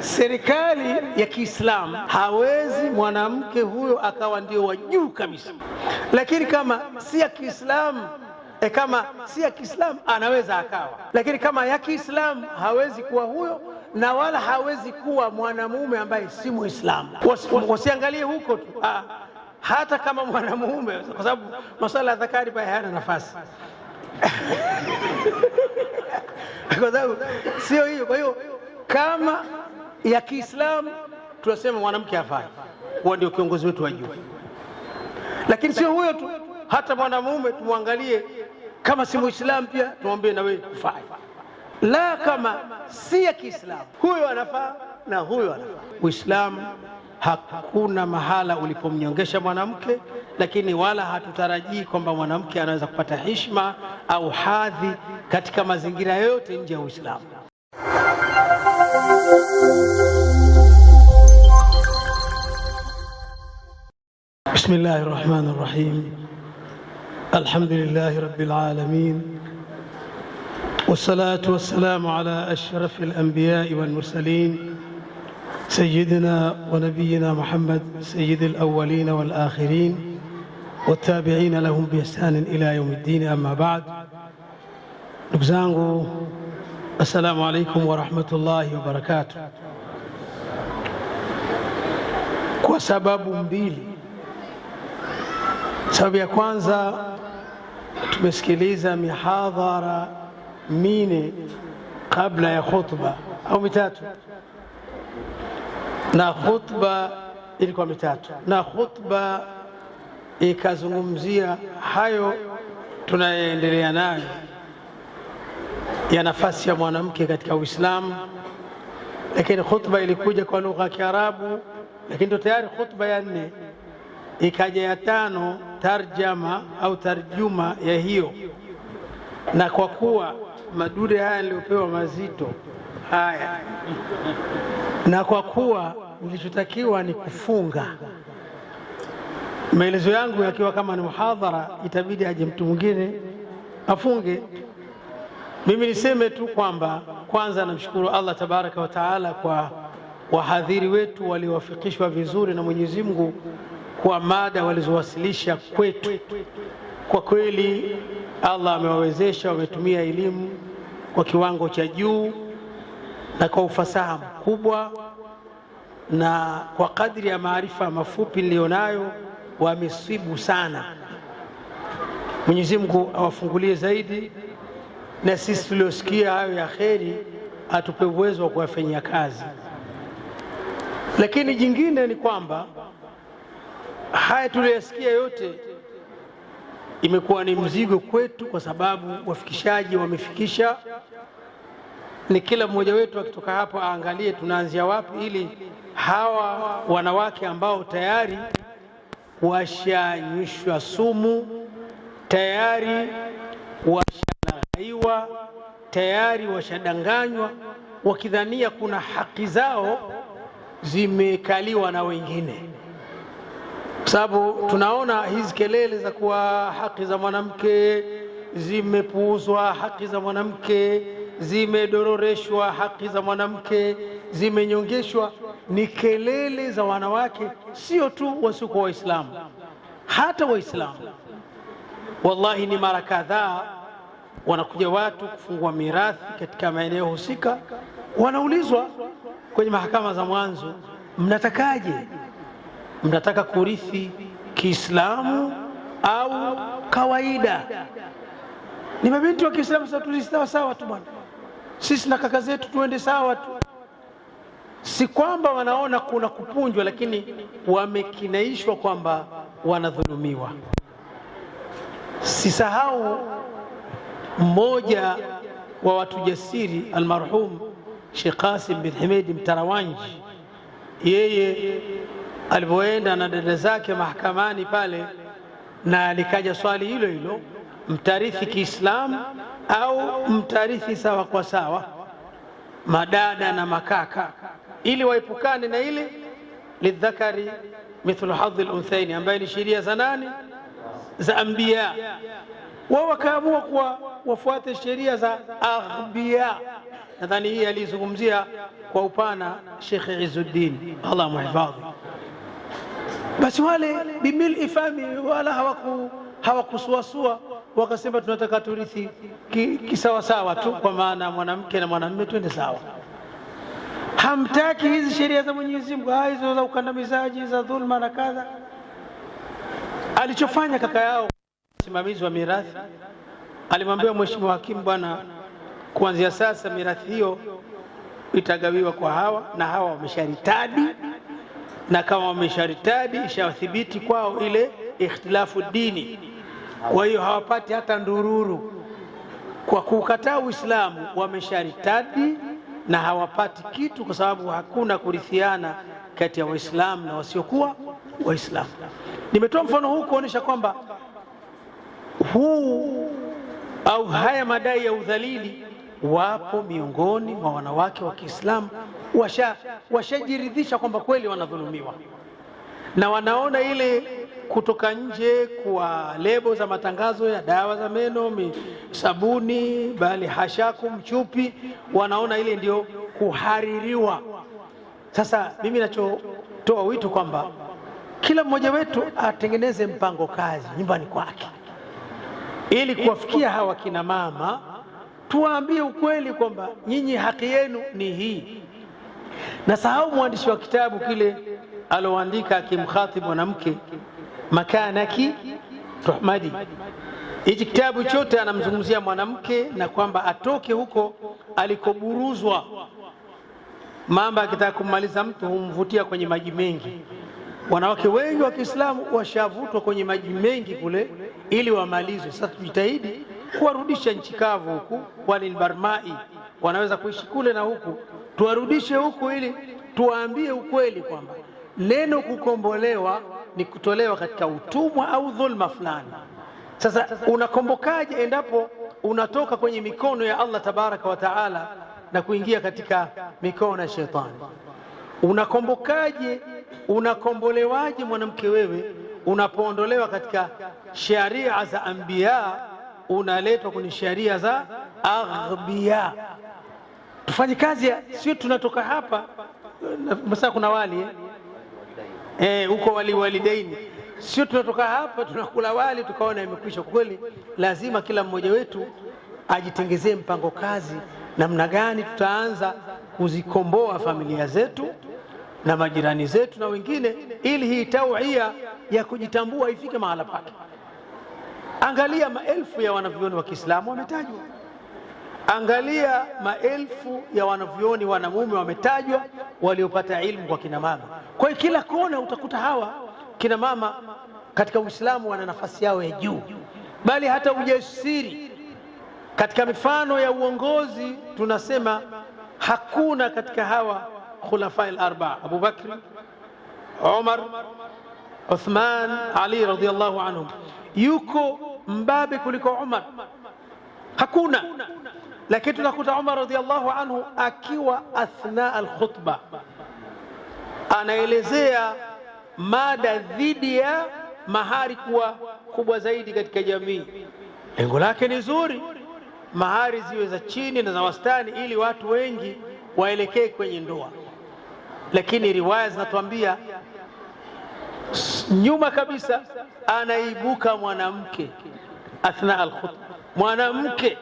Serikali ya Kiislamu hawezi mwanamke huyo akawa ndio wa juu kabisa, lakini kama si ya Kiislamu e, kama si ya Kiislamu anaweza akawa, lakini kama ya Kiislamu hawezi kuwa huyo, na wala hawezi kuwa mwanamume ambaye si Muislamu. Wasiangalie huko tu, ah, hata kama mwanamume, kwa sababu masuala ya dhakari pia hayana nafasi kwa sababu sio hiyo. Kwa hiyo kama ya Kiislamu tunasema mwanamke afanye, huwa ndio kiongozi wetu wa juu. Lakini sio huyo tu, hata mwanamume tumwangalie, kama si muislamu pia tumwambie na wewe ufanye, la kama si ya Kiislamu, huyo anafaa na huyo anafaa. Uislamu hakuna mahala ulipomnyongesha mwanamke, lakini wala hatutarajii kwamba mwanamke anaweza kupata heshima au hadhi katika mazingira yoyote nje ya Uislamu. بسم الله الرحمن الرحيم الحمد لله رب العالمين والصلاة والسلام على أشرف الأنبياء والمرسلين سيدنا ونبينا محمد سيد الأولين والآخرين والتابعين لهم بإحسان إلى يوم الدين أما بعد ndugu Assalamu alaikum warahmatullahi wabarakatu Kwa sababu mbili. Sababu ya kwanza tumesikiliza mihadhara mine kabla ya khutba au mitatu, na khutba ilikuwa mitatu, na khutba ikazungumzia hayo tunayoendelea nayo ya nafasi ya mwanamke katika Uislamu, lakini khutba ilikuja kwa lugha ya Kiarabu, lakini ndo tayari khutba ya nne ikaja ya tano, tarjama au tarjuma ya hiyo. Na kwa kuwa madude haya niliyopewa mazito haya, na kwa kuwa nilichotakiwa ni kufunga maelezo yangu yakiwa kama ni muhadhara, itabidi aje mtu mwingine afunge. Mimi niseme tu kwamba kwanza namshukuru Allah tabaraka wa taala kwa wahadhiri wetu waliowafikishwa vizuri na Mwenyezi Mungu kwa mada walizowasilisha kwetu. Kwa kweli Allah amewawezesha, wametumia elimu kwa kiwango cha juu na kwa ufasaha mkubwa, na kwa kadri ya maarifa mafupi niliyonayo wamesibu sana. Mwenyezi Mungu awafungulie zaidi na sisi tuliosikia hayo ya kheri atupe uwezo wa kuyafanyia kazi. Lakini jingine ni kwamba haya tuliyosikia yote imekuwa ni mzigo kwetu, kwa sababu wafikishaji wamefikisha. Ni kila mmoja wetu akitoka hapo aangalie tunaanzia wapi, ili hawa wanawake ambao tayari washanyushwa sumu tayari washa aiwa tayari washadanganywa wakidhania kuna haki zao zimekaliwa na wengine, kwa sababu tunaona hizi kelele za kuwa haki za mwanamke zimepuuzwa, haki za mwanamke zimedororeshwa, haki za mwanamke zimenyongeshwa, ni kelele za wanawake, sio tu wasiokuwa Waislamu, hata Waislamu. Wallahi ni mara kadhaa wanakuja watu kufungua mirathi katika maeneo husika, wanaulizwa kwenye mahakama za mwanzo, mnatakaje? Mnataka kurithi Kiislamu au kawaida? Ni mabinti wa Kiislamu, sasa tuishi sawa sawa tu bwana, sisi na kaka zetu tuende sawa tu. Si kwamba wanaona kuna kupunjwa, lakini wamekinaishwa kwamba wanadhulumiwa. Sisahau mmoja wa watu jasiri almarhum Sheikh Qasim bin hamedi Mtarawanji, yeye alipoenda na dada zake mahakamani pale, na alikaja swali hilo hilo, mtarithi Kiislamu au mtarithi sawa kwa sawa, madada na makaka, ili waepukane na ile lidhakari mithlu hadhi lunthaini, ambaye ni sheria za nani za ambia wao wakaamua kuwa wafuate sheria za aghbia. Nadhani hii alizungumzia kwa upana Sheikh Izzuddin, Allah muhifadhi. Basi wale bimil ifami wala hawaku hawakusuasua wakasema, tunataka turithi kisawasawa ki tu, kwa maana mwanamke na mwanamume twende sawa. Hamtaki hizi sheria za Mwenyezi Mungu ah, hizo za ukandamizaji za dhulma na kadha. Alichofanya kaka yao msimamizi wa mirathi alimwambia mheshimiwa hakimu, bwana, kuanzia sasa mirathi hiyo itagawiwa kwa hawa na hawa wamesharitadi, na kama wamesharitadi ishawathibiti kwao ile ikhtilafu dini, kwa hiyo hawapati hata ndururu kwa kukataa Uislamu. Wamesharitadi na hawapati kitu, kwa sababu hakuna kurithiana kati ya Waislamu na wasiokuwa Waislamu. Nimetoa mfano huu kuonyesha kwamba huu au haya madai ya udhalili, wapo miongoni mwa wanawake wa Kiislamu washajiridhisha kwamba kweli wanadhulumiwa na wanaona ile kutoka nje kwa lebo za matangazo ya dawa za meno, sabuni, bali hashaku, mchupi, wanaona ile ndio kuhaririwa. Sasa mimi nachotoa wito kwamba kila mmoja wetu atengeneze mpango kazi nyumbani kwake ili kuwafikia hawa kina mama tuwaambie ukweli kwamba nyinyi haki yenu ni hii. na sahau mwandishi wa kitabu kile aloandika akimkhatibu mwanamke makanaki tuhmadi. Hichi kitabu chote anamzungumzia mwanamke na kwamba atoke huko alikoburuzwa. Mamba akitaka kummaliza mtu humvutia kwenye maji mengi. Wanawake wengi wa Kiislamu washavutwa kwenye maji mengi kule ili wamalizwe. Sasa tujitahidi kuwarudisha nchi kavu huku, kwani barmai wanaweza kuishi kule na huku, tuwarudishe huku ili tuwaambie ukweli kwamba neno kukombolewa ni kutolewa katika utumwa au dhulma fulani. Sasa unakombokaje endapo unatoka kwenye mikono ya Allah tabaraka wa taala na kuingia katika mikono ya shetani? Unakombokaje? Unakombolewaje mwanamke wewe unapoondolewa katika sharia za anbiya unaletwa kwenye sharia za aghbiya. Tufanye kazi, sio tunatoka hapa masaa kuna wali eh? Eh, huko eh, wali walidaini, sio tunatoka hapa tunakula wali tukaona imekwisha. Kweli lazima kila mmoja wetu ajitengezee mpango kazi, namna gani tutaanza kuzikomboa familia zetu na majirani zetu na wengine, ili hii tauia ya kujitambua ifike mahala pake. Angalia maelfu ya wanavyuoni wa Kiislamu wametajwa, angalia maelfu ya wanavyuoni wanamume wametajwa, waliopata ilmu kwa kina mama. Kwa hiyo kila kona utakuta hawa kina mama katika Uislamu wana nafasi yao ya juu, bali hata ujasiri katika mifano ya uongozi tunasema hakuna katika hawa khulafa al-arba Abu Bakr, Umar, Uthman, Ali radhiyallahu anhum. Yuko mbabe kuliko Umar? Hakuna. Lakini tunakuta Umar radhiyallahu anhu akiwa athna al-khutba anaelezea mada dhidi ya mahari kuwa kubwa zaidi katika jamii. Lengo lake ni zuri, mahari ziwe za chini na za wastani, ili watu wengi waelekee kwenye ndoa. Lakini riwaya zinatuambia nyuma kabisa anaibuka mwanamke athna alkhutba, mwanamke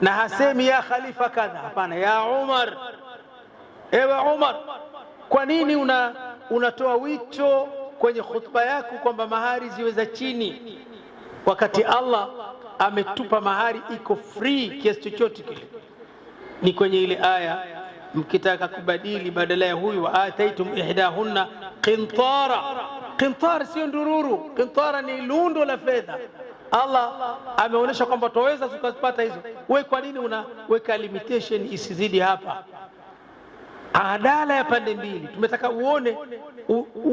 na hasemi ya khalifa kadha, hapana, ya Umar, ewe Umar, kwa nini una unatoa wito kwenye khutba yako kwamba mahari ziwe za chini, wakati Allah ametupa mahari iko free kiasi chochote kile? Ni kwenye ile aya mkitaka kubadili badala ya huyu wa ataitum ihdahunna qintara. Qintar sio ndururu, qintara ni lundo la fedha. Allah ameonyesha kwamba taweza tukazipata hizo. We kwa nini unaweka limitation isizidi hapa? Adala ya pande mbili. Tumetaka uone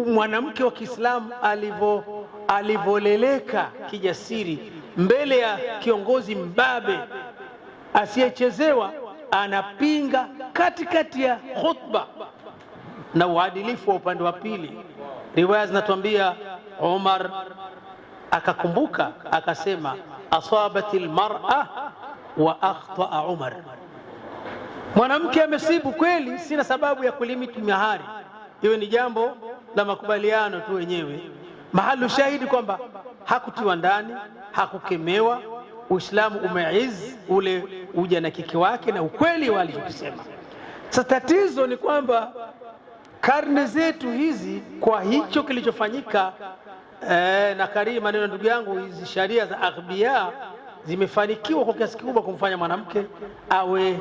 mwanamke wa Kiislamu alivyo alivyoleleka kijasiri mbele ya kiongozi mbabe asiyechezewa anapinga katikati ya khutba na uadilifu wa upande wa pili. Riwaya zinatuambia Umar akakumbuka akasema, asabati lmara wa akhtaa Umar, mwanamke amesibu kweli, sina sababu ya kulimiti mihari. Hiyo ni jambo la makubaliano tu wenyewe. Mahalu shahidi kwamba hakutiwa ndani, hakukemewa Uislamu umeiz ule uja na kiki wake na ukweli walichokisema. Sasa tatizo ni kwamba karne zetu hizi kwa hicho kilichofanyika eh, na karibu maneno ndugu yangu, hizi sharia za aghbia zimefanikiwa kwa kiasi kikubwa kumfanya mwanamke awe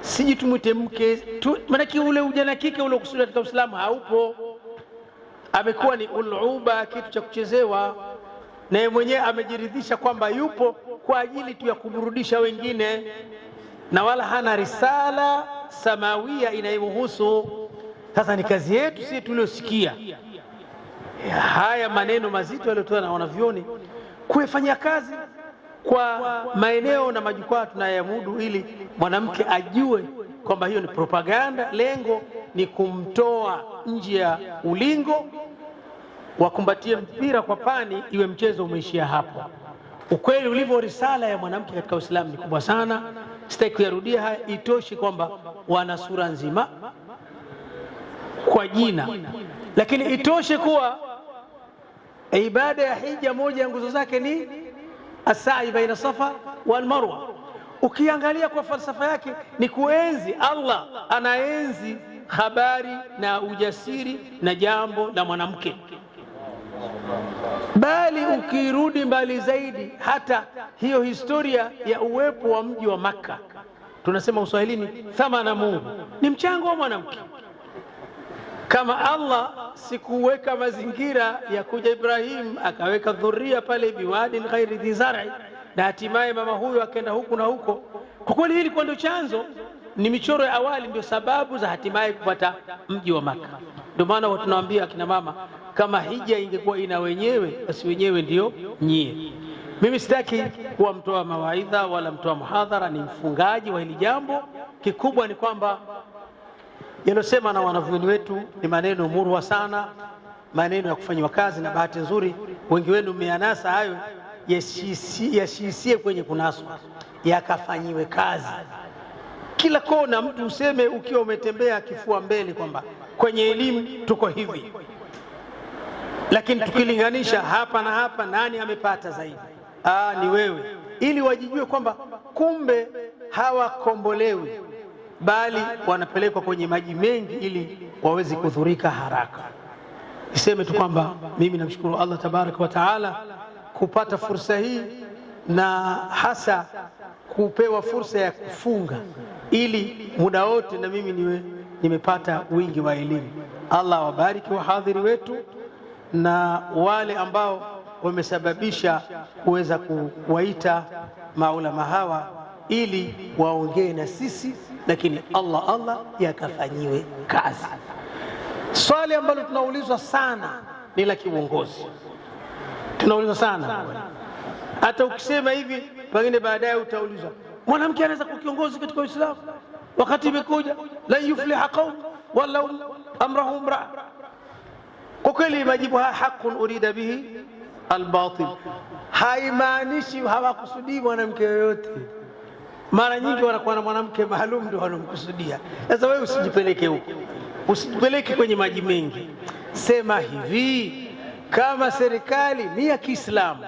siji tumwite mke tu, maanake ule ujana kike ule kusudi katika Uislamu haupo, amekuwa ni uluba, kitu cha kuchezewa na yeye mwenyewe amejiridhisha kwamba yupo kwa ajili tu ya kuburudisha wengine, na wala hana risala samawia inayomhusu. Sasa ni kazi yetu sisi tuliosikia haya maneno mazito yaliyotoa na wanavyoni kuyafanya kazi kwa maeneo na majukwaa tunayamudu, ili mwanamke ajue kwamba hiyo ni propaganda, lengo ni kumtoa nje ya ulingo wakumbatie mpira kwa pani, iwe mchezo umeishia hapo. Ukweli ulivyo, risala ya mwanamke katika Uislamu ni kubwa sana, sitaki kuyarudia haya. Itoshi kwamba wana sura nzima kwa jina, lakini itoshe kuwa ibada ya hija moja ya nguzo zake ni asai baina safa wal marwa. Ukiangalia kwa falsafa yake ni kuenzi Allah, anaenzi habari na ujasiri na jambo la mwanamke bali ukirudi mbali zaidi, hata hiyo historia ya uwepo wa mji wa Makka tunasema uswahilini, thamana Mungu ni mchango wa mwanamke. Kama Allah sikuweka mazingira ya kuja Ibrahim akaweka dhuria pale biwadin ghairi dhi na hatimaye mama huyo akaenda huku na huko. Kwa kweli hili kwa ndio chanzo, ni michoro ya awali, ndio sababu za hatimaye kupata mji wa Makka. Ndio maana tunawaambia akina mama, kama hija ingekuwa ina wenyewe, basi wenyewe ndio nyie. Mimi sitaki kuwa mtoa mawaidha wala mtoa muhadhara, ni mfungaji wa hili jambo. Kikubwa ni kwamba yaliyosema na wanavyuoni wetu ni maneno murwa sana, maneno ya kufanywa kazi, na bahati nzuri wengi wenu mmeyanasa hayo yashiisie kwenye kunaswa, yakafanyiwe kazi kila kona, mtu useme ukiwa umetembea kifua mbele kwamba kwenye elimu tuko hivi, lakini tukilinganisha hapa na hapa, nani amepata zaidi? Aa, ah, ah, ni wewe, ili wajijue kwamba kumbe hawakombolewi bali wanapelekwa kwenye maji mengi ili waweze kudhurika haraka. Niseme tu kwamba mimi namshukuru Allah tabaraka wa taala kupata fursa hii na hasa kupewa fursa ya kufunga ili muda wote na mimi niwe nimepata wingi wa elimu. Allah wabariki wahadhiri wetu na wale ambao wamesababisha kuweza kuwaita maulama hawa ili waongee na sisi, lakini Allah Allah yakafanyiwe kazi. Swali ambalo tunaulizwa sana ni la kiuongozi, tunaulizwa sana hata ukisema hivi, pengine baadaye utaulizwa, mwanamke anaweza kuwa kiongozi katika Uislamu wakati imekuja lan yufliha qaum wala amrahum mra Kwa kweli majibu haya haqun urida bihi albatil, haimaanishi hawakusudii mwanamke yoyote. Mara nyingi wanakuwa na mwanamke maalum ndio wanamkusudia. Sasa wewe usijipeleke huko, usijipeleke kwenye maji mengi. Sema hivi, kama serikali ni ya Kiislamu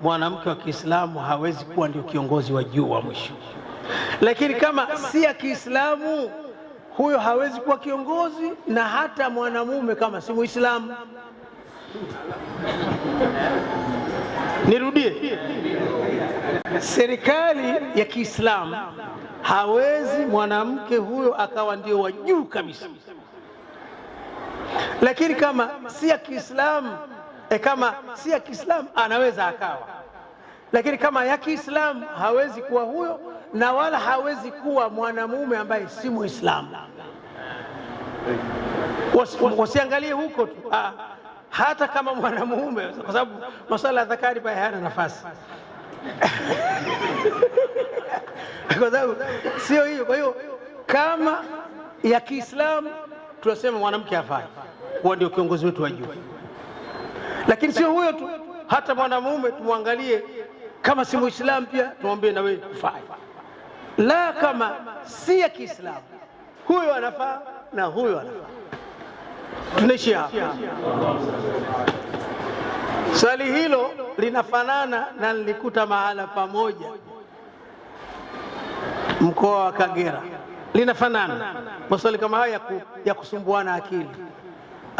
mwanamke wa Kiislamu hawezi kuwa ndio kiongozi wa juu wa mwisho, lakini kama si ya Kiislamu huyo hawezi kuwa kiongozi, na hata mwanamume kama si Muislamu. Nirudie, serikali ya Kiislamu hawezi mwanamke huyo akawa ndio wa juu kabisa, lakini kama si ya Kiislamu E, kama si ya Kiislamu anaweza akawa, lakini kama ya Kiislamu hawezi kuwa huyo, na wala hawezi kuwa mwanamume ambaye si Muislamu. Wasiangalie huko tu ah, hata kama mwanamume, kwa sababu masuala ya dhakari pia hayana nafasi kwa sababu sio hiyo. Kwa hiyo kama ya Kiislamu tunasema mwanamke afai, huwa ndio kiongozi wetu wa juu. Lakini sio huyo tu, hata mwanamume tumwangalie kama si Muislamu pia tumwambie na wewe ufai, la kama si ya Kiislamu, huyo anafaa na huyo anafaa. Tunaishi hapa. Swali hilo linafanana na nilikuta mahala pamoja mkoa wa Kagera, linafanana maswali kama haya ya kusumbuana akili.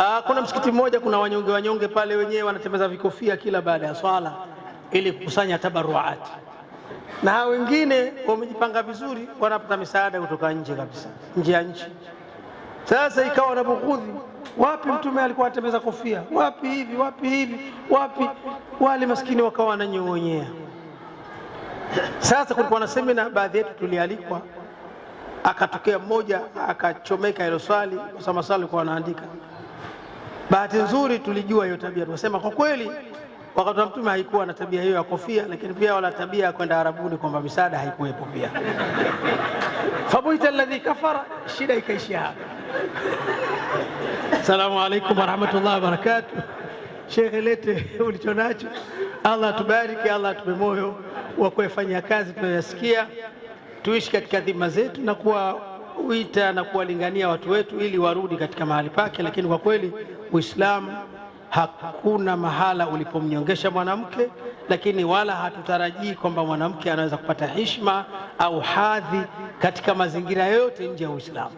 Aa, ah, kuna msikiti mmoja kuna wanyonge wanyonge pale wenyewe wanatembeza vikofia kila baada ya swala ili kukusanya tabaruati, na hao wengine wamejipanga vizuri, wanapata misaada kutoka nje kabisa, nje ya nchi. Sasa ikawa na bughudhi, wapi mtume alikuwa anatembeza kofia, wapi hivi, wapi hivi, wapi wale maskini wakawa wananyong'onyea. Sasa kulikuwa na semina, baadhi yetu tulialikwa, akatokea mmoja akachomeka ile swali, kwa sababu swali alikuwa anaandika Bahati nzuri tulijua hiyo tabia, tukasema kwa kweli wakati wa Mtume haikuwa na tabia hiyo ya kofia, lakini pia wala tabia ya kwenda Arabuni kwamba misaada haikuwepo pia. fabuita alladhi kafara, shida ikaishia hapa. Assalamu alaikum warahmatullahi wabarakatuh. Shekhe, lete ulicho nacho. Allah tubariki Allah atupe moyo wa kuyafanyia kazi tunayoyasikia, tuishi katika dhima zetu na kuwa kuita na kuwalingania watu wetu ili warudi katika mahali pake, lakini kwa kweli Uislamu hakuna mahala ulipomnyongesha mwanamke, lakini wala hatutarajii kwamba mwanamke anaweza kupata heshima au hadhi katika mazingira yoyote nje ya Uislamu.